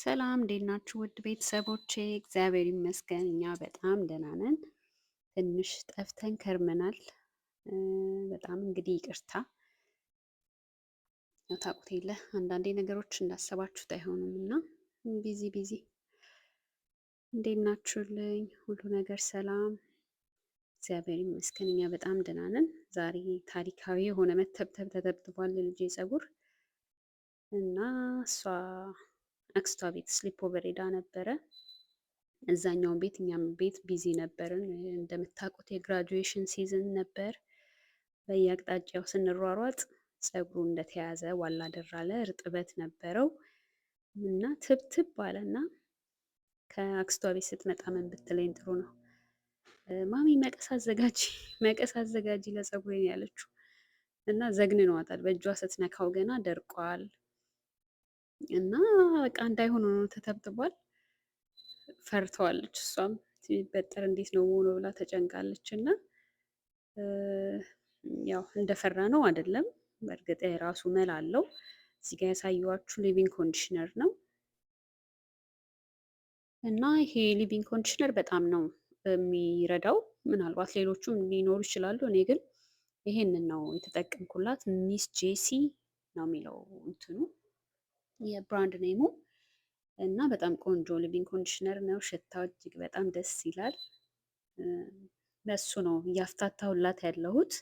ሰላም እንዴት ናችሁ? ውድ ቤተሰቦቼ እግዚአብሔር ይመስገን እኛ በጣም ደህና ነን። ትንሽ ጠፍተን ከርመናል። በጣም እንግዲህ ይቅርታ ታውቁት የለ አንዳንዴ ነገሮች እንዳሰባችሁት አይሆኑም እና ቢዚ ቢዚ። እንዴት ናችሁልኝ? ሁሉ ነገር ሰላም እግዚአብሔር ይመስገን እኛ በጣም ደህና ነን። ዛሬ ታሪካዊ የሆነ መተብተብ ተተብትቧል ልጄ ፀጉር እና እሷ አክስቷ ቤት ስሊፕ ኦቨር ሄዳ ነበረ። እዛኛውን ቤት እኛም ቤት ቢዚ ነበርን። እንደምታውቁት የግራጁዌሽን ሲዝን ነበር። በየአቅጣጫው ስንሯሯጥ ጸጉሩ እንደተያዘ ዋላ ደራለ እርጥበት ነበረው እና ትብትብ አለ እና ከአክስቷ ቤት ስትመጣ ምን ብትለኝ ጥሩ ነው ማሚ መቀስ አዘጋጂ፣ መቀስ አዘጋጂ ለጸጉሬን ያለችው እና ዘግንነዋታል። በእጇ ስትነካው ገና ደርቋል። እና በቃ እንዳይሆኑ ነው ተተብትቧል። ፈርተዋለች። እሷም ሲበጠር እንዴት ነው ሆኖ ብላ ተጨንቃለች። እና ያው እንደፈራ ነው አይደለም። በእርግጥ የራሱ መል አለው። እዚህ ጋር ያሳየኋችሁ ሊቪንግ ኮንዲሽነር ነው እና ይሄ ሊቪንግ ኮንዲሽነር በጣም ነው የሚረዳው። ምናልባት ሌሎቹም ሊኖሩ ይችላሉ። እኔ ግን ይሄንን ነው የተጠቀምኩላት። ሚስ ጄሲ ነው የሚለው እንትኑ የብራንድ ኔሙ እና በጣም ቆንጆ ሊቪንግ ኮንዲሽነር ነው። ሽታው እጅግ በጣም ደስ ይላል። በሱ ነው እያፍታታሁላት ያለሁት።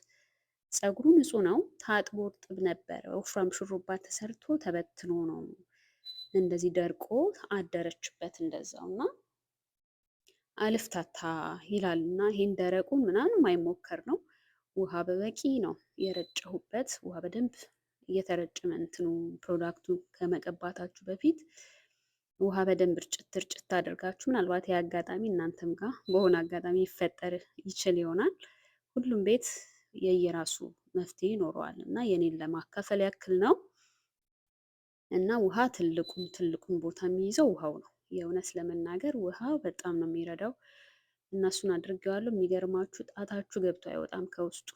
ፀጉሩ ንጹህ ነው። ታጥቦ እርጥብ ነበረ። ወፍራም ሹሩባ ተሰርቶ ተበትኖ ነው እንደዚህ ደርቆ አደረችበት እንደዛው እና አልፍታታ ይላል እና ይሄን ደረቁን ምናምን ማይሞከር ነው። ውሃ በበቂ ነው የረጨሁበት። ውሃ በደንብ እየተረጨ እንትኑ ፕሮዳክቱ ከመቀባታችሁ በፊት ውሃ በደንብ እርጭት እርጭት አድርጋችሁ ምናልባት ይህ አጋጣሚ እናንተም ጋር በሆነ አጋጣሚ ይፈጠር ይችል ይሆናል። ሁሉም ቤት የየራሱ መፍትሄ ይኖረዋል እና የኔን ለማካፈል ያክል ነው። እና ውሃ ትልቁን ትልቁን ቦታ የሚይዘው ውሃው ነው። የእውነት ለመናገር ውሃ በጣም ነው የሚረዳው። እነሱን አድርጌዋለሁ። የሚገርማችሁ ጣታችሁ ገብቶ አይወጣም ከውስጡ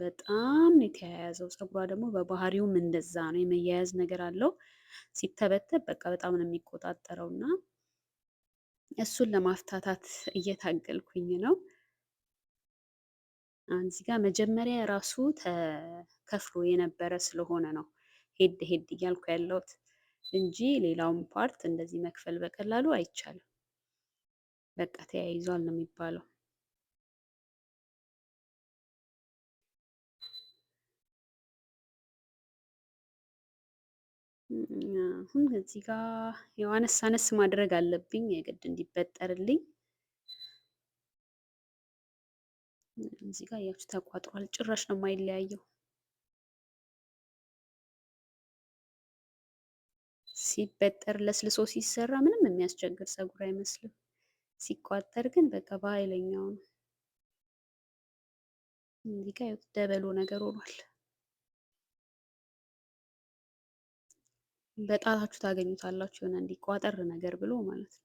በጣም ነው የተያያዘው። ፀጉሯ ደግሞ በባህሪውም እንደዛ ነው፣ የመያያዝ ነገር አለው። ሲተበተብ በቃ በጣም ነው የሚቆጣጠረው እና እሱን ለማፍታታት እየታገልኩኝ ነው። እዚህ ጋር መጀመሪያ ራሱ ተከፍሎ የነበረ ስለሆነ ነው ሄድ ሄድ እያልኩ ያለሁት እንጂ ሌላውን ፓርት እንደዚህ መክፈል በቀላሉ አይቻልም። በቃ ተያይዟል ነው የሚባለው። አሁን እዚህ ጋር ያው አነስ አነስ ማድረግ አለብኝ የግድ እንዲበጠርልኝ። እዚህ ጋር ያችሁ ተቋጥሯል። ጭራሽ ነው የማይለያየው። ሲበጠር ለስልሶ ሲሰራ ምንም የሚያስቸግር ፀጉር አይመስልም። ሲቋጠር ግን በቃ በኃይለኛው ነው። እዚህ ጋር ደበሎ ነገር ሆኗል። በጣታችሁ ታገኙታላችሁ። የሆነ እንዲቋጠር ነገር ብሎ ማለት ነው።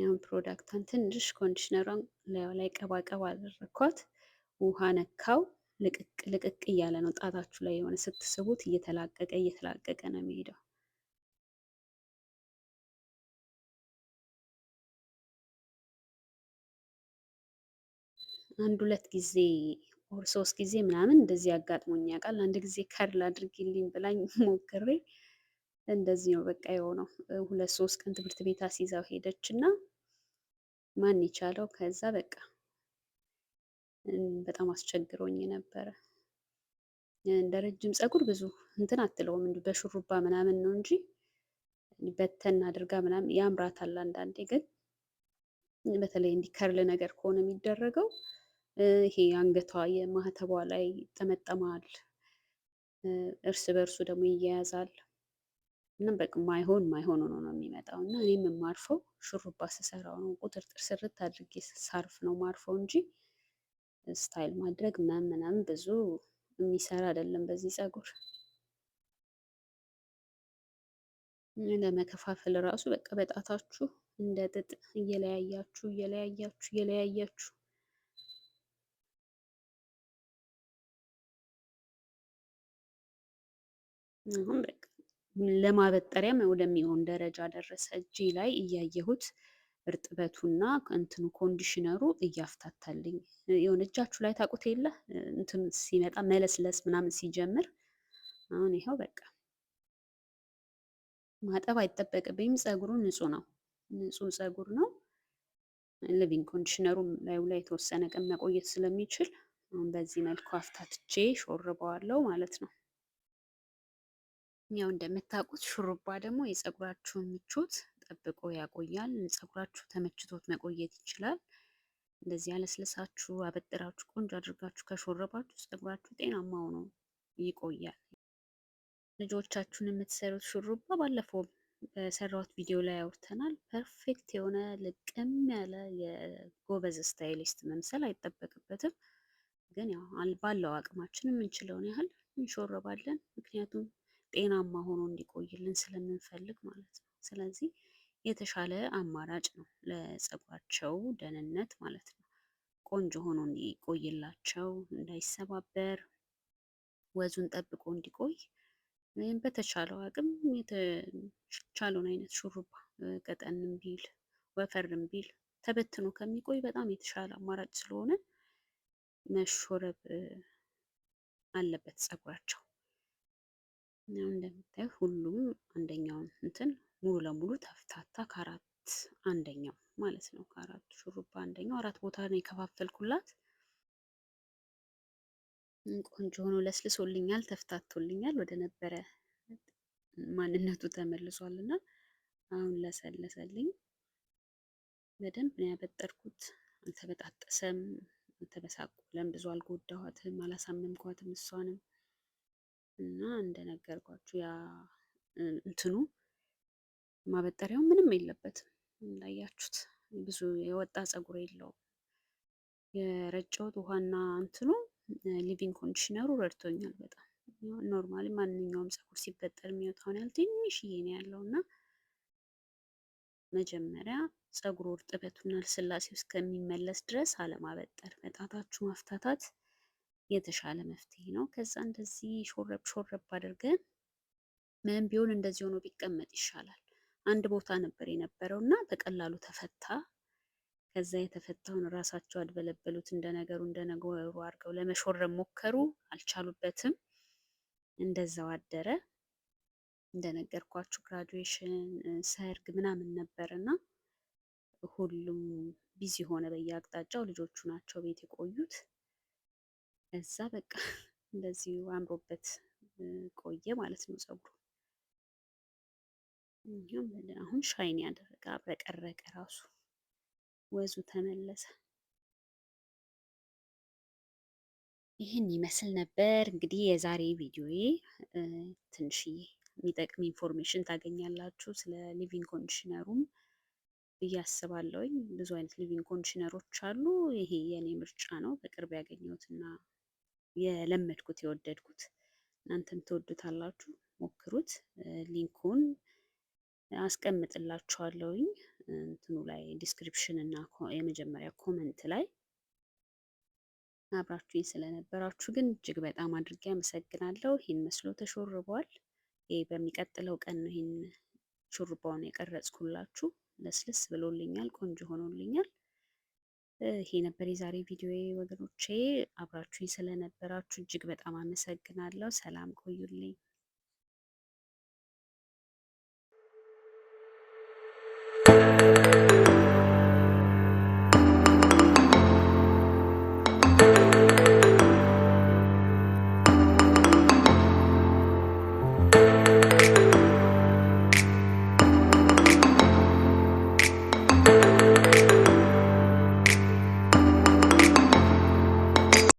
ያም ፕሮዳክታን ትንሽ ኮንዲሽነሯን ላይ ቀባቀብ አደረኳት። ውሃ ነካው፣ ልቅቅ ልቅቅ እያለ ነው። ጣታችሁ ላይ የሆነ ስትስቡት እየተላቀቀ እየተላቀቀ ነው የሚሄደው። አንድ ሁለት ጊዜ ሶስት ጊዜ ምናምን እንደዚህ አጋጥሞኝ ያውቃል። አንድ ጊዜ ከርል አድርጊልኝ ብላኝ ሞክሬ እንደዚህ ነው በቃ የሆነው። ሁለት ሶስት ቀን ትምህርት ቤት አስይዛው ሄደች እና ማን የቻለው ከዛ በቃ በጣም አስቸግሮኝ ነበረ። እንደ ረጅም ፀጉር ብዙ እንትን አትለውም እንዲ በሹሩባ ምናምን ነው እንጂ በተን አድርጋ ምናምን ያምራታል። አንዳንዴ ግን በተለይ እንዲከርል ነገር ከሆነ የሚደረገው ይሄ አንገቷ የማህተቧ ላይ ይጠመጠማል። እርስ በእርሱ ደግሞ ይያያዛል። ምንም በቃ ማይሆን ማይሆን ሆኖ ነው የሚመጣው እና እኔም የማርፈው ሹሩባ ስሰራው ነው። ቁጥርጥር ስርት አድርጌ ሳርፍ ነው ማርፈው እንጂ ስታይል ማድረግ ምናምን ብዙ የሚሰራ አይደለም በዚህ ጸጉር ለመከፋፈል ራሱ በቃ በጣታችሁ እንደ ጥጥ እየለያያችሁ እየለያያችሁ እየለያያችሁ አሁን በቃ ለማበጠሪያም ወደሚሆን ደረጃ ደረሰ። እጄ ላይ እያየሁት እርጥበቱና እንትኑ ኮንዲሽነሩ እያፍታታልኝ የሆነ እጃችሁ ላይ ታቁት የለ እንትን ሲመጣ መለስለስ ምናምን ሲጀምር አሁን ይኸው በቃ ማጠብ አይጠበቅብኝም። ፀጉሩ ንጹህ ነው፣ ንጹህ ፀጉር ነው። ሊቪንግ ኮንዲሽነሩ ላዩ ላይ የተወሰነ ቀን መቆየት ስለሚችል አሁን በዚህ መልኩ አፍታትቼ ሾርበዋለሁ ማለት ነው። ያው እንደምታውቁት ሹሩባ ደግሞ የጸጉራችሁን ምቾት ጠብቆ ያቆያል። ጸጉራችሁ ተመችቶት መቆየት ይችላል። እንደዚህ አለስልሳችሁ አበጥራችሁ ቆንጆ አድርጋችሁ ከሾረባችሁ ጸጉራችሁ ጤናማ ሆኖ ይቆያል። ልጆቻችሁን የምትሰሩት ሹሩባ ባለፈው በሰራሁት ቪዲዮ ላይ አውርተናል። ፐርፌክት የሆነ ልቅም ያለ የጎበዝ ስታይሊስት መምሰል አይጠበቅበትም። ግን ያው ባለው አቅማችን የምንችለውን ያህል እንሾረባለን ምክንያቱም ጤናማ ሆኖ እንዲቆይልን ስለምንፈልግ ማለት ነው። ስለዚህ የተሻለ አማራጭ ነው ለፀጉራቸው ደህንነት ማለት ነው። ቆንጆ ሆኖ እንዲቆይላቸው፣ እንዳይሰባበር፣ ወዙን ጠብቆ እንዲቆይ በተቻለው አቅም የተቻለውን አይነት ሹሩባ ቀጠንም ቢል ወፈርም ቢል ተበትኖ ከሚቆይ በጣም የተሻለ አማራጭ ስለሆነ መሾረብ አለበት ጸጉራቸው። ያው እንደምታዩ ሁሉም አንደኛውን እንትን ሙሉ ለሙሉ ተፍታታ ከአራት አንደኛው ማለት ነው። ከአራቱ ሹሩባ አንደኛው አራት ቦታ ነው የከፋፈልኩላት። ቆንጆ ሆኖ ለስልሶልኛል፣ ተፍታቶልኛል። ወደ ነበረ ማንነቱ እና አሁን ለሰለሰልኝ። በደንብ ነው ያበጠርኩት። አልተበጣጠሰም፣ አልተበሳቆለም፣ ብዙ አልጎዳኋትም፣ አላሳመምኳትም እሷንም እና እንደነገርኳችሁ ያ እንትኑ ማበጠሪያው ምንም የለበትም። እንዳያችሁት ብዙ የወጣ ፀጉር የለውም። የረጨሁት ውሃና እንትኑ ሊቪንግ ኮንዲሽነሩ ረድቶኛል በጣም። ኖርማሊ ማንኛውም ፀጉር ሲበጠር የሚወጣውን ያህል ትንሽዬ ነው ያለው እና መጀመሪያ ፀጉሩ እርጥበቱና ልስላሴው እስከሚመለስ ድረስ አለማበጠር፣ በጣታችሁ ማፍታታት የተሻለ መፍትሄ ነው። ከዛ እንደዚህ ሾረብ ሾረብ አድርገን ምንም ቢሆን እንደዚህ ሆኖ ቢቀመጥ ይሻላል። አንድ ቦታ ነበር የነበረው እና በቀላሉ ተፈታ። ከዛ የተፈታውን እራሳቸው አድበለበሉት። እንደነገሩ እንደነገሩ አድርገው ለመሾረብ ሞከሩ፣ አልቻሉበትም። እንደዛው አደረ። እንደነገርኳችሁ ግራጁዌሽን፣ ሰርግ ምናምን ነበር እና ሁሉም ቢዚ ሆነ በየአቅጣጫው። ልጆቹ ናቸው ቤት የቆዩት። እዛ በቃ እንደዚሁ አምሮበት ቆየ ማለት ነው ፀጉሩ። እኛም አሁን ሻይን ያደረገ አብረቀረቀ ራሱ ወዙ ተመለሰ። ይህን ይመስል ነበር እንግዲህ የዛሬ ቪዲዮዬ። ትንሽዬ የሚጠቅም ኢንፎርሜሽን ታገኛላችሁ ስለ ሊቪንግ ኮንዲሽነሩም ብዬ አስባለሁኝ። ብዙ አይነት ሊቪንግ ኮንዲሽነሮች አሉ። ይሄ የኔ ምርጫ ነው በቅርብ ያገኘሁትና የለመድኩት የወደድኩት። እናንተም ትወዱታላችሁ፣ ሞክሩት። ሊንኩን አስቀምጥላችኋለሁኝ እንትኑ ላይ ዲስክሪፕሽን እና የመጀመሪያ ኮመንት ላይ። አብራችሁኝ ስለነበራችሁ ግን እጅግ በጣም አድርጌ አመሰግናለሁ። ይህን መስሎ ተሾርቧል። ይህ በሚቀጥለው ቀን ነው ይህን ሹሩባውን የቀረጽኩላችሁ። ለስለስ ብሎልኛል፣ ቆንጆ ሆኖልኛል። ይሄ ነበር የዛሬ ቪዲዮ ወገኖቼ። አብራችሁኝ ስለነበራችሁ እጅግ በጣም አመሰግናለሁ። ሰላም ቆዩልኝ።